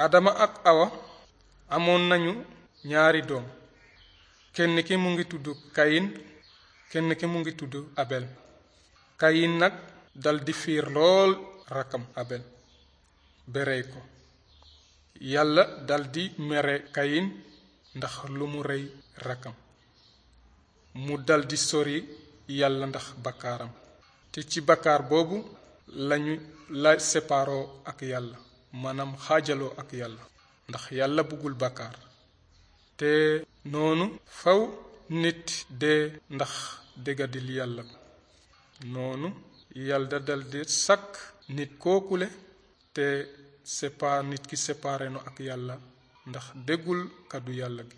adama ak awa amoon nañu ñaari doom kenn ki mu ngi tudd kayin kenn ki mu ngi tudd abel kayin nag daldi fiir lool rakkam abel berey ko yàlla daldi mere kayin ndax lu mu rey rakkam mu daldi sori yàlla ndax bakkaaram te ci bakkaar boobu lañu la séparoo ak yàlla maanaam xaajaloo ak yàlla ndax yàlla bëggul bàkkaar te noonu faw nit dee ndax déggadil yàlla noonu yàlla dal di sàkk nit le te sépa nit ki séparé ak yàlla ndax déggul kàddu yàlla bi